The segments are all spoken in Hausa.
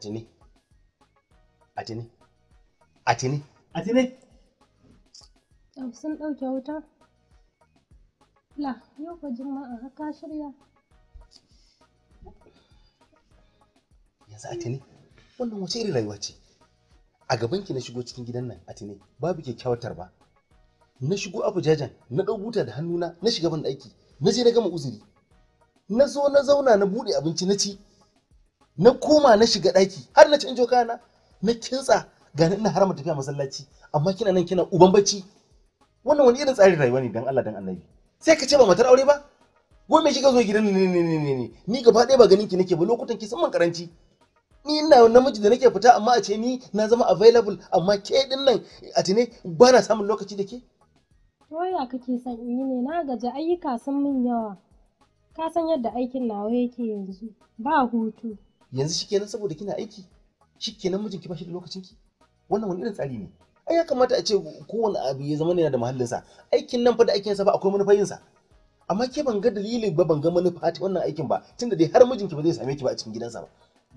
Atini. Atini. Atini. Atini. Sun ɗauke wuta? La, yau haka shirya. Yanzu Atini, wannan wace irin rayuwa ce? A gaban ki na shigo cikin gidan nan Atini, babu kyakkyawar tarba. Na shigo Abujajan, na ɗau buta da hannuna, na shiga ban aiki, na je na gama uzuri. Na zo na zauna na buɗe abinci na ci, na koma na shiga ɗaki har na canjo kana na kintsa gani ina harama tafiya masallaci amma kina nan kina uban bacci wannan wani irin tsarin rayuwa ne dan Allah dan Annabi sai ka ce ba matar aure ba wai me kika zo gidan ne ne ne ne ne ni gaba ɗaya ba ganin ki nake ba lokutan ki sun man karanci ni ina namiji da nake fita amma a ce ni na zama available amma ke din nan a tine ba na samun lokaci da ke Waya kake son yi ne na gaji ayyuka sun min yawa ka san yadda aikin nawa yake yanzu ba hutu yanzu shikenan saboda kina aiki shikenan mijinki ba shi da lokacin ki wannan wani irin tsari ne ai ya kamata a ce kowane abu ya zama yana da mahallinsa aikin nan fa da aikin sa ba akwai manufar sa amma ke ban ga dalili ba ban ga manufa ta wannan aikin ba tunda dai har mijinki ba zai same ki ba a cikin gidansa ba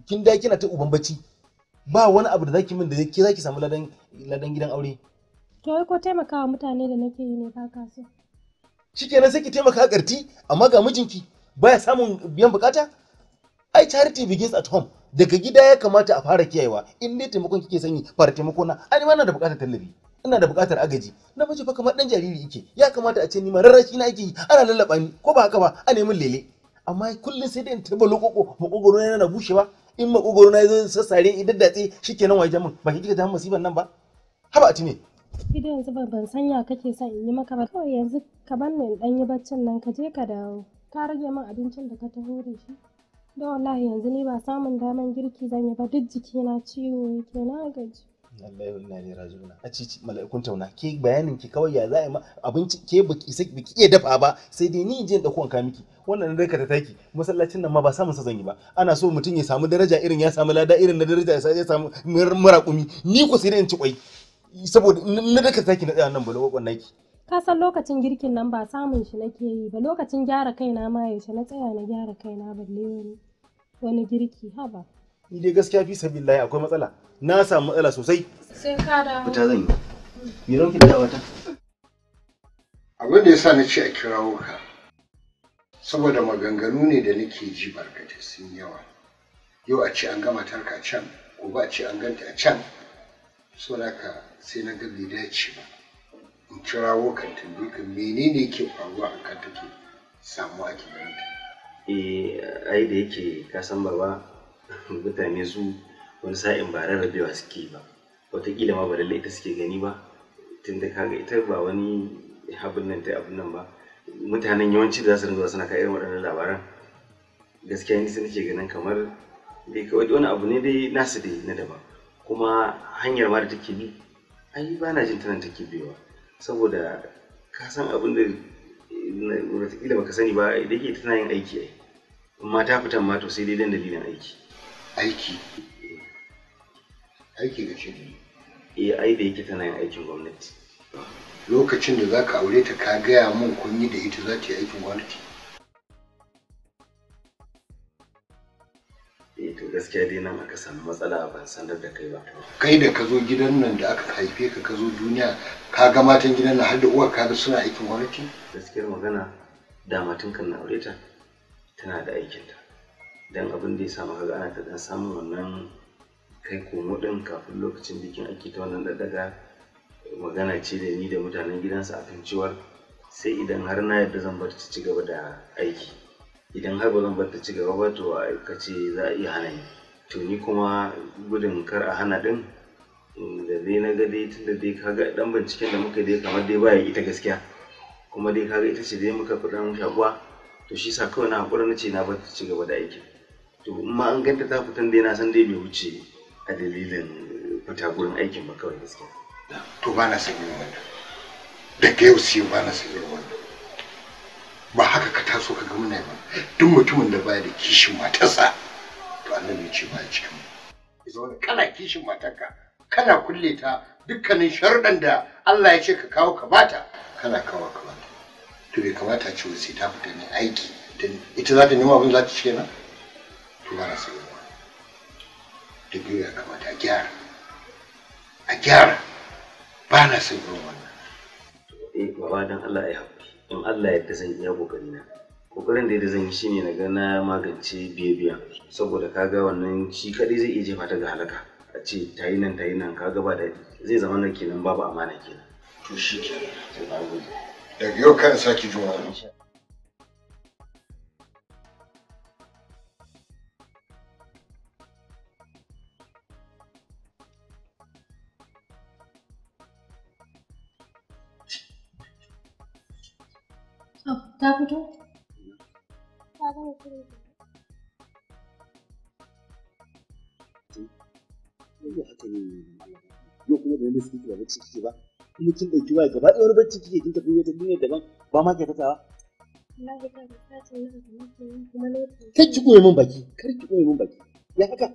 kin da kina ta uban bacci ba wani abu da zaki min da ke zaki samu ladan ladan gidan aure to ai ko taimakawa mutane da nake yi ne ka kaso shikenan sai ki taimaka karti amma ga mijinki baya samun biyan bukata ai charity begins at home daga gida ya kamata a fara kiyayewa in dai taimakon kike sanyi fara taimako na ai ma na da bukatar tallafi ina da bukatar agaji na miji fa kamar dan jariri yake ya kamata a ce ni ma na yake ana lallaba ni ko ba haka ba a nemi lele amma kullum sai dai in taba lokoko makogoro na yana bushewa in makogoro na yazo sassare idan datse shikenan waje min ba kike kika ta musibar nan ba haba a tine Ido yanzu ban san ya kake sa in yi maka ba kawai yanzu ka banne in dan yi baccin nan ka je ka dawo ka rage min abincin da ka taho da shi da wallahi yanzu ni ba samun daman girki zan yi ba duk jikina ciwo yake na gaji Allahu inna ilaihi raji'un a cici mala'ikun tauna ke bayanin ki kawai ya za'a ma abinci ke baki sai baki iya dafa ba sai dai ni je in dauko wanka miki wannan da ka ta taki masallacin nan ma ba samun sa zan yi ba ana so mutum ya samu daraja irin ya samu lada irin na daraja ya samu murakumi ni ku sai dai in ci kwai saboda na da ka taki na tsaya nan bala wannan ki ka san lokacin girkin nan ba samun shi nake yi ba lokacin gyara kaina ma yaushe na tsaya na gyara kaina balle wani wani girki haba ni dai gaskiya fi sabillahi akwai matsala na samu matsala sosai sai ka da fita zan yi mm. me ranki da wata abin da yasa na ce a kirawo ka saboda maganganu ne da nake ji barkatai sun yawa yau a ce an gama tarka can gobe a ce an ganta a can saboda ka sai na ga bai dace ba in kirawo kan tambayi ka menene ke faruwa a kan take samu a kibanta eh ai da yake ka san baba mutane su wani sa'in ba rarrabewa suke ba wataƙila ma ba lallai ita suke gani ba tun da kaga ita ba wani abin nan ta abin nan ba mutanen yawanci da za su rinka suna kai irin waɗannan labaran gaskiya ni sai nake ganin kamar dai kawai wani abu ne dai nasu dai na daban kuma hanyar ma da take bi ai ba na jin tana take biyowa saboda ka san abin da wataƙila baka sani ba da ke tana yin aiki ai amma ta fita ma to sai dai dan dalilin aiki aiki aiki ga shi eh ai da yake tana yin aikin gwamnati lokacin da zaka aure ta ka gaya mun kun yi da ita za ta yi aikin gwamnati eh to gaskiya dai nan aka samu matsala ban sanar da kai ba kai da ka zo gidan nan da aka haife ka ka zo duniya ka ga matan gidan nan har da uwar ka ga suna aikin gwamnati gaskiyar magana da matan kan na aure ta tana da aikin ta dan abin da ya samu kaga ana ta dan samun wannan kai komo din kafin lokacin bikin ake ta wannan daddaga magana ce da ni da mutanen gidansa akan cewar sai idan har na yadda zan bar ci gaba da aiki idan har ba zan bar ta ci gaba ba to a ce za a iya hana ni to ni kuma gudun kar a hana din da dai na ga dai tunda dai kaga dan binciken da muka dai kamar dai baya ita gaskiya kuma dai kaga ita ce dai muka kudan shaguwa to shi sa kawai na haƙura na ce na bar ta ci gaba da aikin to in ma an ganta ta fitan dai na san dai bai wuce a dalilin fita gurin aikin ba kawai gaskiya to ba na sanin wannan daga yau sai ba na sanin wannan ba haka ka taso ka ga muna ba duk mutumin da baya da kishin matarsa to ne ce ba cikin mu kana kishin matarka kana kulle ta dukkanin sharuɗan da Allah ya ce ka kawo ka bata kana kawo ka bata to bai kamata ce sai ta fita ne aiki ita za ta nema abin za ta ce na to ba na sai ba da biyu ya kamata a gyara a gyara ba na sai ba wannan eh baba dan Allah ya haƙuri in Allah ya zan iya kokari na kokarin da zan yi shi ne na ga na magance biye saboda kaga wannan shi kadai zai iya jefa ta ga halaka a ce ta yi nan ta yi nan kaga ba da zai zama nan kenan babu amana kenan to shi kenan daga yau kan saki juma'a da suke ba bacci kike ba kuma kin dauki waya gaba ɗaya wani bacci kike kin tafi wata duniya daban ba ma ke ki goye min baki kar ki goye min baki ya haka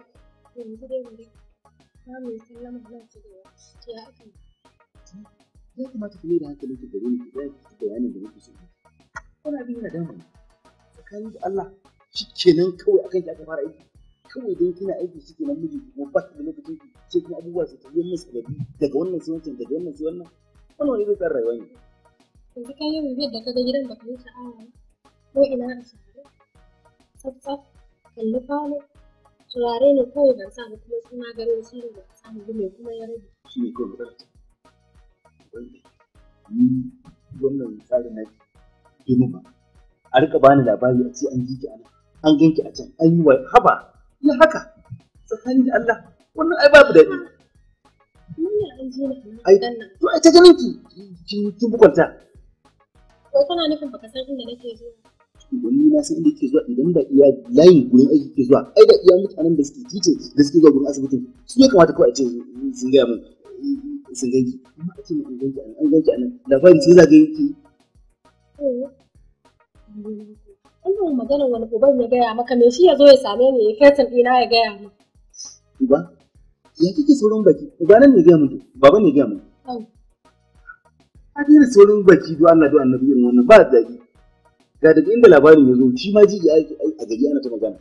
ya kamata ki mai da hankali ki gare ni ki ga bayanin da nake so kuna bin da dama tsakanin da Allah shi kenan kawai akan ki aka fara aiki kawai dai kina aiki shi kenan miji ko ba da lokacin ki ce kuma abubuwa su min su gabi daga wannan sai wancan daga wannan sai wannan wannan wani zai tsara rayuwa ne yanzu ka yi bibiyar da ka ga gidan da baka yi sha'awa ko ina a shahara tsaf-tsaf kalli falo turare ne kawai ban sa kuma sun garin gari wasu da ban sa mai kuma ya rage shi ne kawai rage ni wannan tsarin na ke nufa a rika bani labari a ce an ji ki ana an ganki a can an yi wa haba na haka tsakanin da Allah wannan ai babu daɗi ai to ai ta ganin ki ki bukunta ko kana nufin baka san inda nake zuwa wani na san inda ke zuwa idan da iya layin gurin aiki ke zuwa ai da iya mutanen da suke titin da suke zuwa gurin asibitin su ya kamata kawai a ce sun gaya min sun ganki amma a ce an ganki an ganki a nan da fahimci zagayen ki eh. wannan magana wani uban ya gaya maka me shi ya zo ya same ni ya fetin ɗina ya gaya ma. Uba, ya kike saurin baki, uba nan ne gaya min to, baban ne gaya min. A daina saurin baki do Allah do annabi irin wannan ba daɗi. Ga daga inda labarin ya zo, shi ma jiji a gari ana ta magana.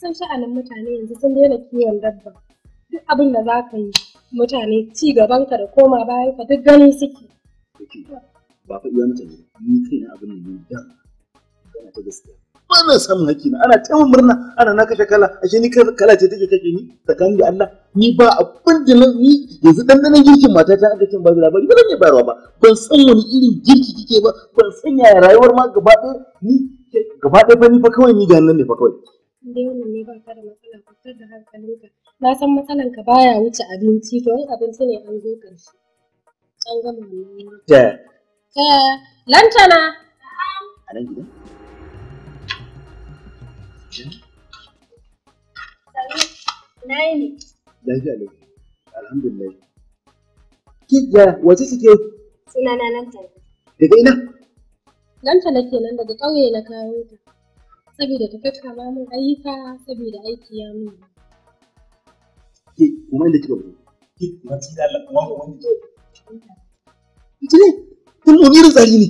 Sun sha'anin mutane yanzu sun daina kiwon dabba. Duk abin da za ka yi mutane ci gaban ka da koma bayanka duk gani suke. ba fa iya mata ne ni kai na abin ne da kana ta gaskiya ba na samun haƙi na ana ta murna ana na kashe kala ashe ni kala ce take kake ni tsakanin da Allah ni ba abin da ni yanzu dandanan girkin mata ta aka cin ba da ba ni ban bayarwa ba ban san wani irin girki kike ba ban san ya rayuwar ma gaba ɗaya ni gaba ɗaya ba ni fa kawai ni ga nan ne fa kawai dai wannan ne ka da matsala kwatar da hankalinka na san matsalan ka baya wuce abinci to in abinci ne an zo ƙarshe an gama wannan Eh, lantana. A nan gidan? Lafiya Alhamdulillah. suke? lantana. Daga ina? Lantana kenan daga ƙauye na kawo ta. Saboda ta tattara min ayyuka saboda aiki ya mun. Ki kuma inda kika Ki kuma ki da Allah kuma Ki ne? Kullum wani irin tsari ne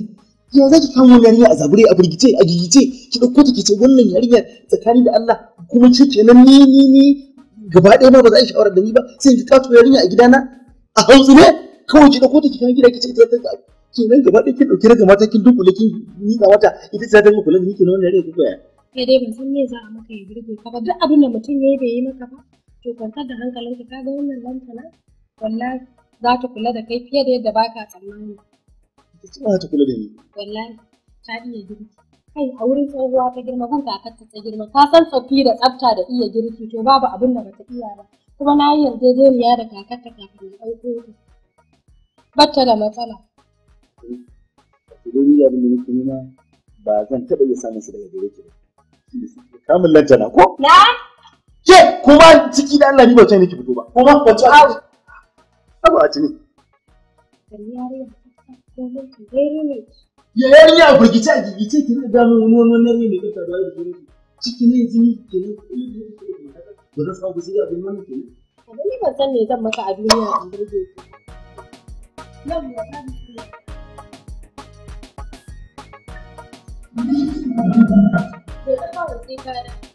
ya za ki kamo yarinya a zabure a birgice a gigice ki ɗauko ta ce wannan yarinya tsakani da Allah kuma ki ce nan ni ni ni gaba ɗaya ma ba za a yi shawara da ni ba sai ki kato yarinya a gidana a hausa ne kawai ki ɗauko ta ki kan gida ki ce ta ta kenan gaba ɗaya kin ɗauki raga mata kin dunkule kin miƙa mata ita ce ta dunkule ni kenan wannan yarinya ta koya. Kai dai ban san me za a maka ya birge ka ba duk abin da mutum ya yi bai yi maka ba to kwantar da hankalinka ka ga wannan lantana wallahi za ta kula da kai fiye da yadda baka tsammani. ta ci ba ta kula da ni. Wallahi ta iya girki. Kai a wurin tsohuwa ta girma gun kakarta ta girma ka san tsofi da tsafta da iya girki to babu abin da bata iya ba. Kuma na yi yarjejeniya da kakarta kafin na ɗauko ta. Batta da matsala. Domin abin da nake nema ba zan taɓa iya samun su daga gare ki ba. Kamun lantana ko? Na? Ke kuma ciki da Allah ni ba ta nake fito ba. Kuma ba ta. Abu a ci ne. Yariya. ya a ki min wani wani wani ne da ciki ne jini ke nan ba zan abin wani ke nan abin ne ban san ne zan maka a duniya Thank you.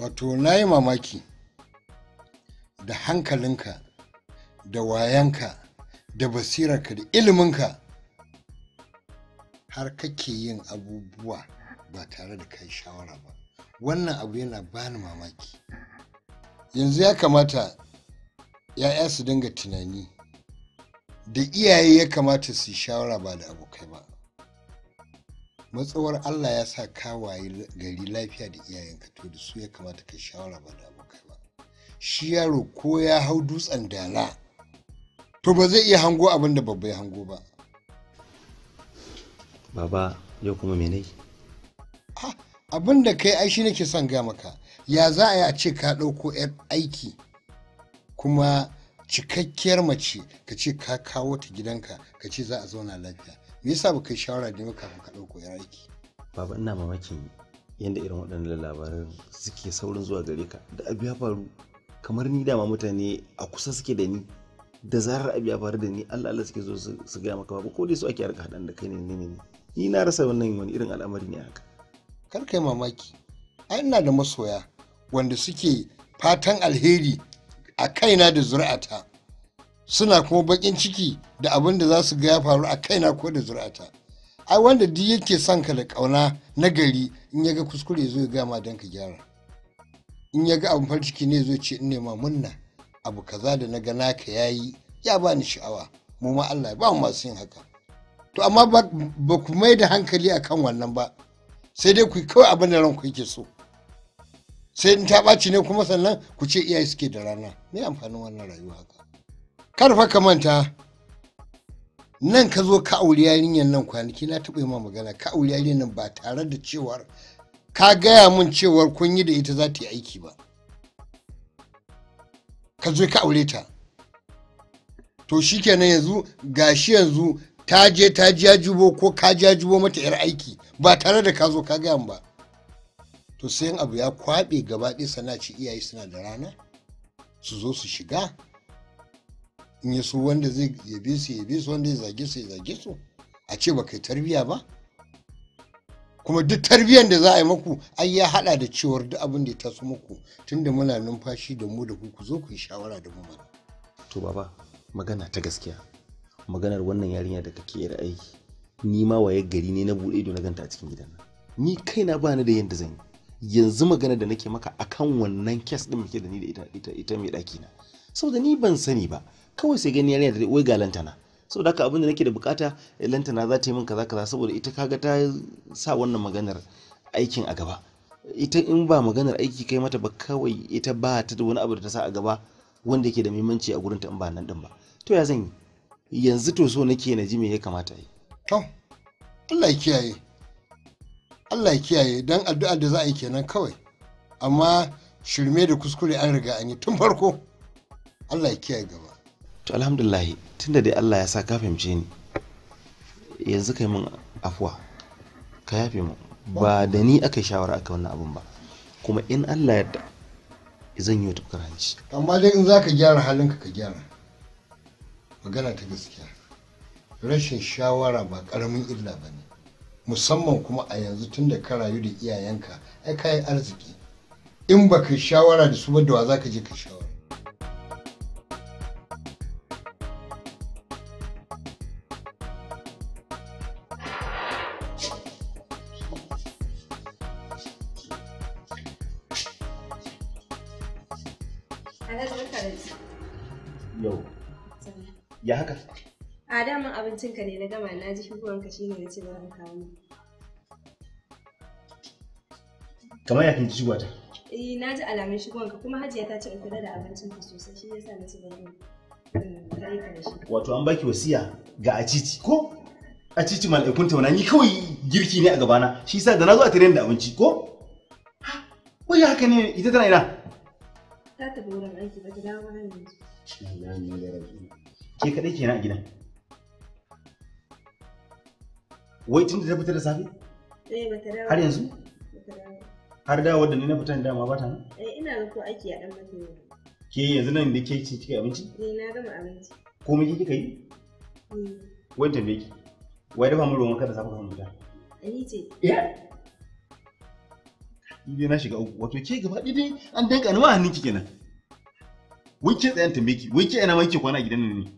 wato na yi mamaki da hankalinka da wayanka da basirarka da iliminka har kake yin abubuwa ba tare da kai shawara ba wannan abu yana bani mamaki yanzu ya kamata ‘ya'ya su dinga tunani da iyaye ya kamata su yi shawara ba da abokai ba matsawar Allah ya sa kawaye gari lafiya da iyayenka to da su ya kamata ka shawara ba da abokai ba shi yaro ko ya hau dutsen dala to ba zai iya hango abin da babba ya hango ba baba yau kuma me abin da kai ai shi nake son gama maka ya za a yi a ce ka ɗauko 'yar aiki kuma cikakkiyar mace ka ce ka kawo ta gidanka ka ce za a zauna lafiya me yasa baka kai shawara da maka ka ɗauko ya aiki baba ina mamakin yadda irin waɗannan labaran suke saurin zuwa gare ka da abu ya faru kamar ni dama mutane a kusa suke da ni da zarar abu ya faru da ni Allah Allah suke zo su ga maka baba ko dai su ake harka hadan da kai ne ne ne ni na rasa wannan wani irin al'amari ne haka kar kai mamaki ai ina da masoya wanda suke fatan alheri a kaina da zuri'ata suna kuma bakin ciki da abin da za su ga ya faru a kaina ko da zuri'ata ai wanda duk yake son ka da kauna na gari in ya ga kuskure zai ga gama don ka gyara in ya ga abin farin ciki ne zai ce in nema munna abu kaza da na ga naka yayi ya bani sha'awa mu ma Allah ba mu masu yin haka to amma ba ku mai da hankali akan wannan ba sai dai ku kawai abin da ranku yake so sai in ta ɓaci ne kuma sannan ku ce iyaye suke da rana me amfanin wannan rayuwa haka karfa ka manta nan ka zo ka auri yarinyar nan kwanaki na taɓa ma magana ka auri yarinyar nan ba tare da cewar ka gaya min cewar kun yi da ita za ta yi aiki ba ka zo ka aure ta to shikenan yanzu gashi yanzu ta je ta jajubo ko ka jajubo mata yar aiki ba tare da ka zo ka gaya ba to sai abu ya kwaɓe gaba ɗaya sana ce iyaye suna da rana su zo su shiga in yi su wanda zai yabe su yabe su wanda ya zage su ya zage su a ce ba kai tarbiya ba kuma duk tarbiyyar da za a yi muku ai ya hada da cewar duk abin da ya taso muku tunda muna numfashi da mu da ku ku zo ku yi shawara da mu mana to baba magana ta gaskiya maganar wannan yarinya da kake da aiki ni ma waye gari ne na bude ido na ganta a cikin gidan nan ni kaina ba ni da yanda zan yi yanzu magana da nake maka akan wannan kes din muke da ni da ita ita mai daki na saboda ni ban sani ba kawai sai gani yarinya da wai ga lantana saboda haka abin da nake da bukata eh, lantana za ta yi min kaza kaza saboda ita kaga ta sa wannan maganar aikin a gaba ita in ba maganar aiki kai mata ba kawai ita ba ta da wani abu da ta sa a gaba wanda yake da muhimmanci a gurinta in ba nan din ba to ya zan yi yanzu to so nake na ji me ya kamata yi to Allah ya kiyaye Allah ya kiyaye dan addu'a da za a yi kenan kawai amma shirme da kuskure an riga an yi tun farko Allah ya kiyaye gaba to alhamdulillahi tunda dai Allah ya sa ka fahimce ni yanzu kai min afuwa ka yafe mu ba da ni aka shawara aka wannan abun ba kuma in Allah yadda zan yi wata karanci amma dai in zaka gyara halinka ka gyara magana ta gaskiya rashin shawara ba karamin illa ba ne musamman kuma a yanzu tunda ka rayu da iyayenka ai yi arziki in ba ka shawara da su ba da wa za ka je ka shawara yawa na ji shigowanka shi ne na ce za ka wani. kamar ya kinci ta? eh na ji alamun shigowanka kuma hajiya ta ce in kula da abincinka sosai shi yasa na ce ci bari eh, wato an baki wasiya ga acici ko acici mal'aikun tauna ni kawai girki ne a gabana shi yasa da na zo a tare da abinci ko wai haka ne ita tana ina ta tafi wurin aiki ba ta dawo ba yanzu ke kaɗai kenan a gidan wai tun da ta fita da safe eh, har yanzu har dawo da ni na fita dama ba ta nan eh, ina ga ko aiki a dan mutum ke yanzu nan da ke ci kike abinci eh na gama abinci ko me kika yi eh. wai tambaye ki wai dafa mu ruwan kada safa kan mutum ni ce ya na shiga uku wato ke gaba ɗaya an danka ni ma hannun ki kenan wai ke tsayan tambaye ki wai ke ina ma kike kwana gidan nan ne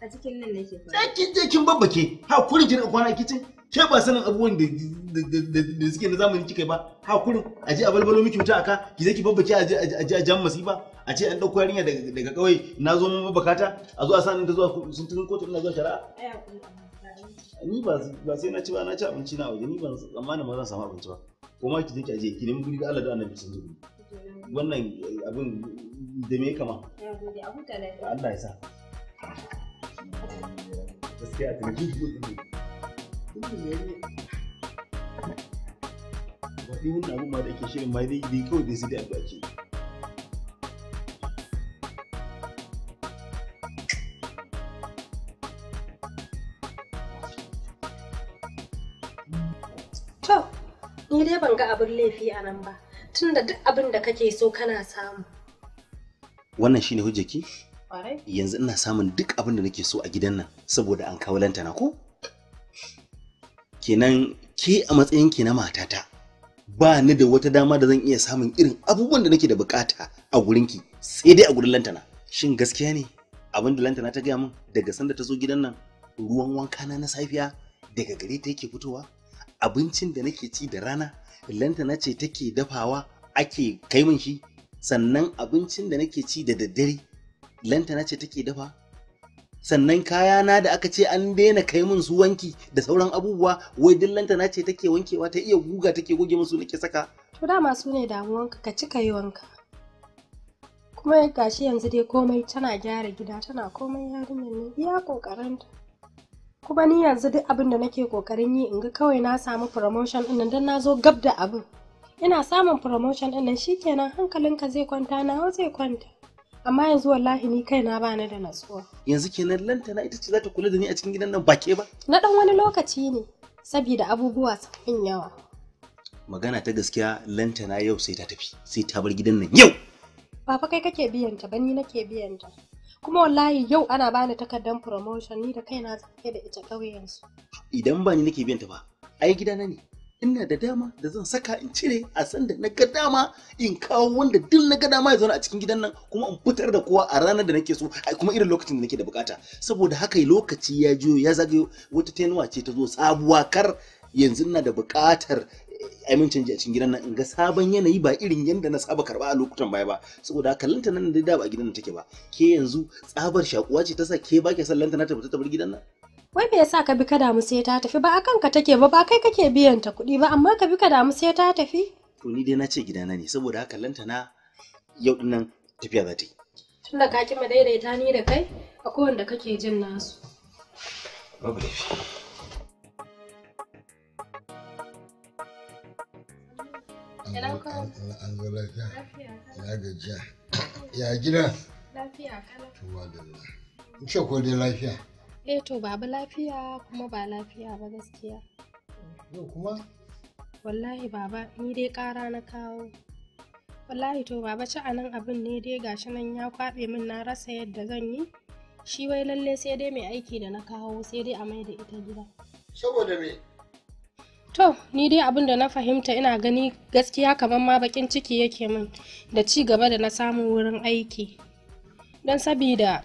a cikin nan nake kwana ki je kin babbake ha kurin ki kwana kicin ke ba sanin abubuwan da suke na zamani kika ba ha kurin a je a balbalo miki wuta aka ki zai ki babbace a je a jan masifa a ce an dauko yarinya daga kauye na zo mun bukata a zo a sanin ta zuwa sun tun kotu ina zuwa shari'a ni ba sai na ci ba na ci abinci na waje ni ban tsammanin ma zan samu abinci ba kuma ki je ki aje ki nemi guri da Allah da Annabi sun zo wannan eh, abin da me kama Allah ya sa gaskiya ta ji ba dai wannan abin ma da ake shirin ma dai dai kawai da sai dai addu'a To, ni dai ban ga abin laifi a nan ba, tunda duk abin da kake so kana samu. Wannan shine hujjaki? Yanzu ina samun duk abin da nake so a gidan nan saboda an kawo lantana ko? kenan ke a matsayin ki na matata ba ni da wata dama da zan iya samun irin abubuwan da nake da bukata a ki, sai dai a gurin lantana shin gaskiya ne abin da lantana ta gaya min daga sanda ta zo gidan nan ruwan wanka na na safiya daga gare ta yake fitowa abincin da nake ci da rana lantana ce take dafawa ake kai min shi sannan abincin da nake ci da daddare lantana ce take dafa sannan kayana da aka ce an daina kai min su wanki da sauran abubuwa wai dillanta na ce take wankewa ta iya guga take goge musu nake saka to dama su ne damuwanka ka cika yi wanka kuma gashi yanzu dai komai tana gyara gida tana komai yarinyar ne iya kokarinta kuma ni yanzu duk abin da nake kokarin yi in ga kawai na samu promotion din dan na zo gab da abin ina samun promotion din nan shikenan hankalinka zai kwanta na zai kwanta amma yanzu wallahi ni kaina ba ni da natsuwa yanzu kenan lantana ita ce za ta kula da ni a cikin gidan nan ba ba na dan wani lokaci ne saboda abubuwa sun yawa magana ta gaskiya lantana yau sai ta tafi sai ta bar gidan nan yau ba kai kake biyan ta ba ni nake biyan ta kuma wallahi yau ana bani takardar promotion ni da kaina zan da ita ƙauyen su idan ba ni nake biyan ta ba ai gidana ne ina da dama da zan saka in cire a san da na ga dama in kawo wanda duk na ga dama ya zauna a cikin gidan nan kuma in fitar da kowa a ranar da nake so ai kuma irin lokacin da nake da bukata saboda haka lokaci ya jiyo ya zagayo wata tenuwa ce ta zo sabuwa kar yanzu ina da bukatar eh, canji a cikin gidan nan in ga sabon yanayi ba irin yadda na saba karba a lokutan baya ba saboda haka lantana nan da ba gidan nan take ba ke yanzu tsabar shakuwa ce ta sa ke ba ke son lantana ta fita ta bar gidan nan wai me yasa ka bi ka damu sai ta tafi ba a kanka take ba ba kai kake biyan ta kuɗi ba amma ka bi ka damu sai ta tafi to ni dai na ce gidana ne saboda haka na yau din nan tafiya za ta yi tunda ka kima daidaita ni da kai a kowanda kake jin nasu babu laifi an zo lafiya ya gajiya ya gida lafiya kala to wa da lafiya eh to babu lafiya kuma ba lafiya ba gaskiya yau kuma wallahi baba ni dai ƙara na kawo wallahi to baba ci anan abin ne dai gashi nan ya kwaɓe min na rasa yadda zan yi shi wai lalle sai dai mai aiki da na kawo sai dai a mai da ita gida saboda me to ni dai abin da na fahimta ina gani gaskiya kamar ma bakin ciki yake min da ci gaba da na samu wurin aiki don sabida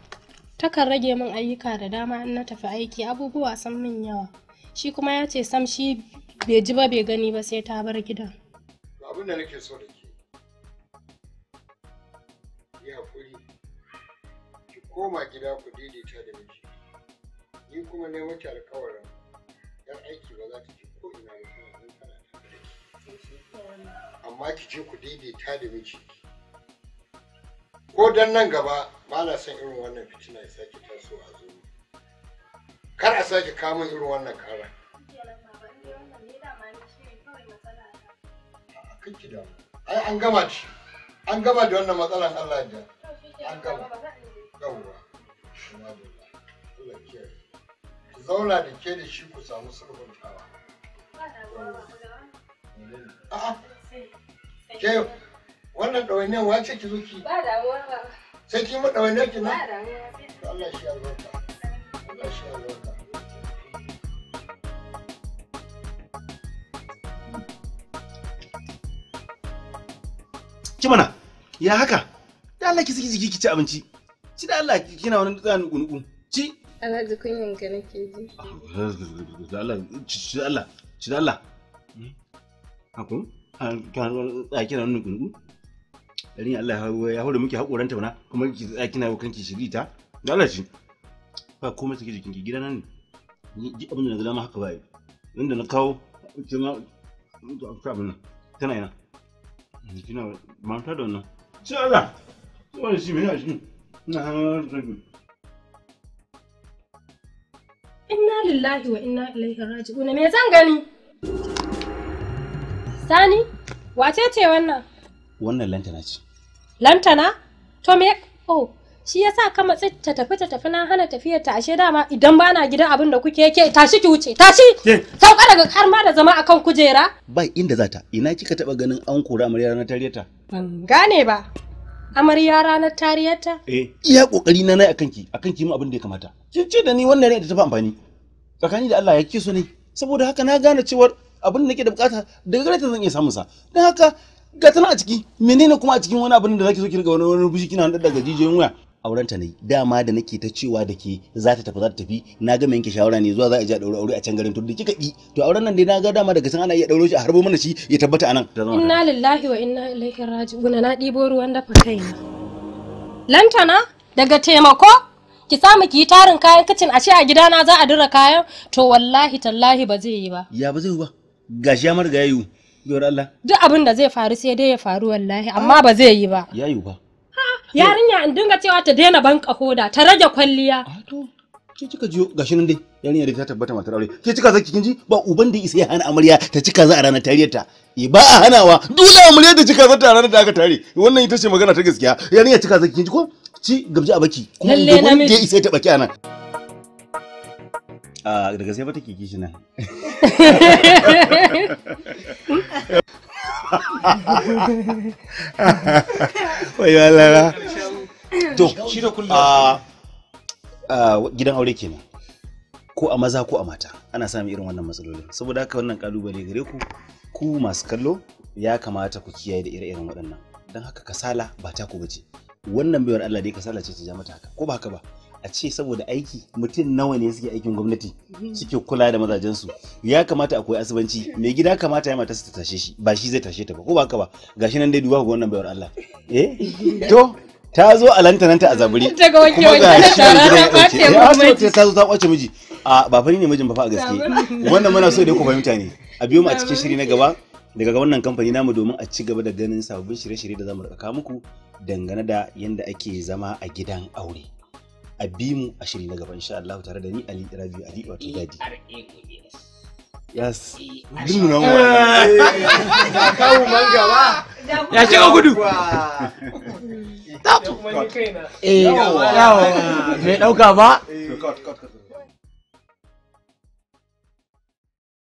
takan rage min ayyuka da dama in na tafi aiki abubuwa sun min yawa shi kuma ya ce sam shi bai ji ba bai gani ba sai ta bar gidan abin da nake so da ke ya kuri ki koma gida ku daidaita da miji ni kuma ne mata alƙawarin yan aiki ba za ta je ko ina ba amma ki je ku daidaita da miji ko dan nan gaba ba na son irin wannan fitina ya sake taso a zo kar a sake kamun irin wannan kara ai an gama da an gama da wannan matsalan Allah da an gama yawwa zauna da ke da shi ku samu sulhuntawa a'a ke wannan ɗawainiyar wace ki zo ki ba damuwa ba sai ki mu ɗawainiyar ki na ba damuwa Allah shi albarka Allah shi albarka ki mana ya haka da Allah ki saki jiki ki ci abinci ci da Allah ki kina wani tsayan gunugu ci Alhaji kunyan ka nake ji ah, da Allah ci da Allah ci da Allah Hakun? Hmm? Ah, kina wani tsakin wani gunugu? yarin Allah ya haruwa ya hore muke hakoran tauna kuma ki tsaya kina yau kanki shiri ta da Allah shi ba komai take jikin ki gidan nan ni abin da na zama haka bai inda na kawo kina mutu an fara nan tana yana kina manta da wannan ci Allah wannan shi me ya shi na hanar da Inna lillahi wa inna ilaihi raji'un me zan gani Sani wace ce wannan wannan lantana ce lantana to me oh shi yasa ka matsi ta tafi ta tafi na hana tafiyar ta ashe dama idan ba na gidan abin da kuke yake tashi ki wuce tashi sauka daga har ma da zama akan kujera Bai inda za ta ina kika taba ganin an kura amarya ranar tariyarta ban gane ba amarya ranar tariyarta eh iya kokari na nayi akan ki akan ki mu abin da ya kamata kin ce da ni wannan ne da tafi amfani tsakani da Allah ya kike so ne saboda haka na gane cewa abin da nake da bukata daga gare ta zan iya samun sa don haka ga tana a ciki menene kuma a cikin wani abin da zaki so ki riga wani wani bushi kina hada daga jijiyoyin waya aurenta ne dama da nake ta cewa da ke za ta tafi za ta tafi na ga yanke shawara ne zuwa za a je a daura aure a can garin to da kika ki to auren nan dai na ga dama daga can ana iya dauro shi a harbo mana shi ya tabbata anan inna lillahi wa inna ilaihi raji'un na dibo ruwan dafa na? lantana daga taimako ki samu ki yi tarin kayan kicin a ce a gidana za a dura kayan to wallahi tallahi ba zai yi ba ya ba zai yi ba gashi ya marga yayu Allah. Duk abin da zai faru sai dai ya faru wallahi amma ba zai yi ba. Ya yi ba. Yarinya in dinga cewa ta daina ban kahoda ta rage kwalliya. Ke cika jiyo gashi nan dai yarinya da ta tabbata matar aure. Ke cika zaki kin ji ba uban da isa ya hana amarya ta cika za a ranar tariyar ta. E, ba a hanawa dole amarya da cika za ta ranar da aka tare. Wannan ita ce magana ta gaskiya. Yarinya cika zaki kin ji ko? Ci gabji a baki. Kuma uban da isa ya taba ki anan. Eh, daga sai ba take kishi nan wai to ah, eh, gidan aure kenan ko a maza ko a mata ana samun irin wannan matsalolin saboda haka wannan kalubale gare ku ku masu kallo ya kamata ku kiyaye da ire-iren waɗannan don haka kasala ba ta ku bace wannan baiwar Allah dai kasala ce ta ja mata haka ko ba haka ba a ce saboda aiki mutum nawa ne suke aikin gwamnati mhm. suke kula da mazajensu ya kamata akwai asibanci mai gida kamata ya mata su tashe shi ba shi zai tashe ta ba ko ba ka ba gashi nan dai duba ga wannan bayar Allah eh to ta zo a lantananta a zaburi kuma ga shi ne gidan ya ta zo ta kwace miji a ba fari ne mijin ba fa a gaske wannan muna so dai ku fahimta ne a biyo mu a cikin shiri na gaba daga wannan kamfani namu domin a ci gaba da ganin sababbin shirye-shirye da zamu rika muku dangane da yadda ake zama a gidan aure a bi mu a shiri na gaba insha Allah tare da ni Ali Rabi Ali wato Dadi yes duk mu wa. da kawo man gaba ya shiga gudu ta eh yawa Me dauka ba eh.